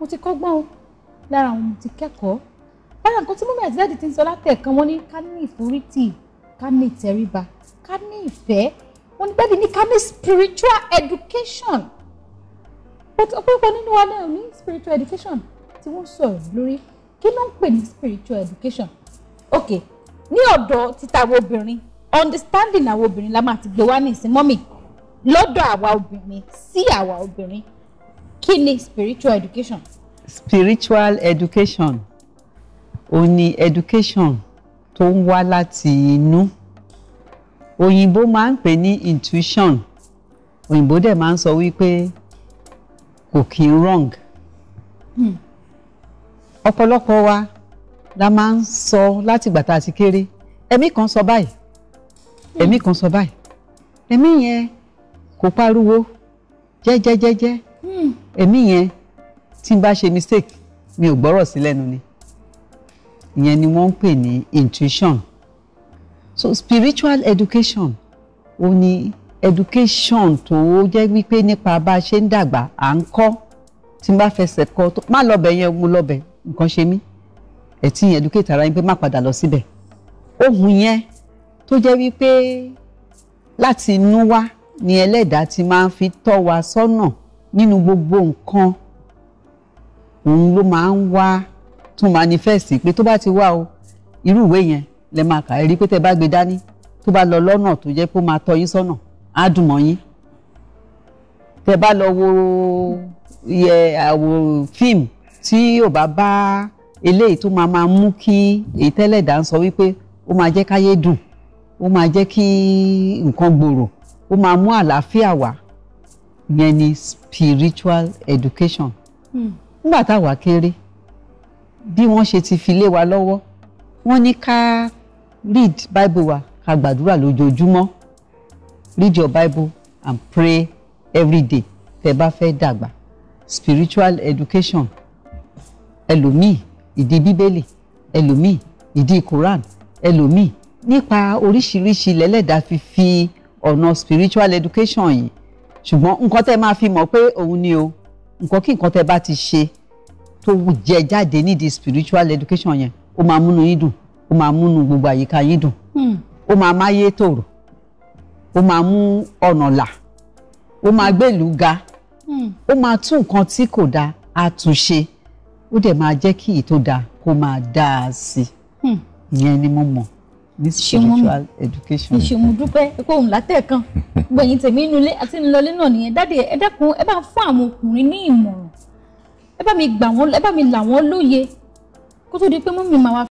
mo ti kọ́gbọ́n o lára àwọn mo ti kẹ́kọ̀ọ́ lára nǹkan tí mọ́mí àti dáàdì ti ń sọ látẹ̀kan wọn ní ká ní ìforítì ká ní ìtẹríba ká ní ìfẹ́ wọn ní dáàdì ní ká ní spiritual education ọ̀pọ̀lọpọ̀ nínú wa náà ní spiritual education tí wọ́n sọ̀rọ̀ lórí kí ló ń pè ní spiritual education ok ní ọ̀dọ̀ títa àwọn obìnrin understanding àwọn obìnrin la máa ti gbé wá ní ìsìn mọ́mì lọ́dọ̀ àwa obìnrin sí àwa obìnrin kí ni spiritual education. spiritual education ò ní education tó ń wá láti inú òyìnbó máa ń pè ní intuition òyìnbó dẹ̀ máa ń sọ wípé kò kí n wrong hmm. ọ̀pọ̀lọpọ̀ wa la máa ń sọ látìgbà tá a ti kéré ẹ̀mí kan sọ báyìí hmm. ẹ̀mí kan sọ báyìí ẹ̀mí yẹn kò pariwo jẹ́jẹ́jẹ́jẹ́ èmi yẹn tí n bá ṣe mistake mi ò gbọ́rọ̀ sí lẹ́nu ni ìyẹn ni wọ́n ń pè ní intuition so spiritual education ó ní education tó jẹ́ wípé nípa bá a ṣe ń dàgbà à ń kọ́ tí n bá fẹsẹ̀ kọ́ tó má lọ́bẹ̀ yẹn mo lọ́bẹ̀ nǹkan ṣe mí ẹ̀ tí yẹn educate ara yín pé má padà lọ síbẹ̀ ohun yẹn tó jẹ́ wípé láti inú wá ni ẹlẹ́dàá ti máa ń fi tọ́ wa sọ́nà. So no nínú gbogbo nǹkan òun ló máa ń wá tó manifest pé tó bá ti wá o irú ìwé yẹn lẹ máa kà ẹ rí i pé tẹ bá gbé dání tó bá lọ lọ́nà tó jẹ́ pé ó máa tọ́ yín sọ́nà á dùn mọ́ yín tẹ bá lọ wo yẹ àwò fíìmù tí ò bá bá eléyìí tó máa máa mú kí èyí tẹ́lẹ̀ dà ń sọ wípé ó máa jẹ́ káyé dùn ó máa jẹ́ kí nǹkan gbòòrò ó máa mú àlàáfíà wá yẹn ni spiritual education hmm. nígbà táwa kéré bí wọ́n ṣe ti fi lé wa lọ́wọ́ wọ́n ní ká read bible wa ká gbàdúrà lójoojúmọ́ read your bible and pray every day tẹ́ bá fẹ́ dàgbà spiritual education ẹlòmíì ìdí bíbélì ẹlòmíì ìdí quran ẹlòmíì nípa oríṣiríṣi lẹ́lẹ́dàá fi fi ọ̀nà spiritual education yìí ṣùgbọ́n nǹkan tẹ́ máa fi mọ̀ pé òun ni o nǹkan kí nǹkan tẹ́ bá ti ṣe tó jẹ jáde nídìí spiritual education yẹn ó máa múnú yín dùn ó máa múnú gbogbo àyíká yín dùn hmm. ó máa máyé tòrò ó máa mú ọ̀nà là ó máa gbèlú ga hmm. ó máa tún nǹkan tí kò dáa àtúnṣe ó dẹ̀ máa jẹ́ kí èyí tó kó máa dáa sí i hmm. ìyẹn ni mo mọ̀ this spiritual education. ṣé mo dúpẹ́ pé òun látẹ̀kan gbẹ̀yìn tèmi nulẹ̀ àti ńlọlẹ́ náà nìyẹn dáàdì ẹ dákun ẹ bá fún àwọn ọkùnrin ní ìmọ̀ràn ẹ bá mi gbà wọ́n ẹ bá mi là wọ́n lóye kó tó di pé mú mi máa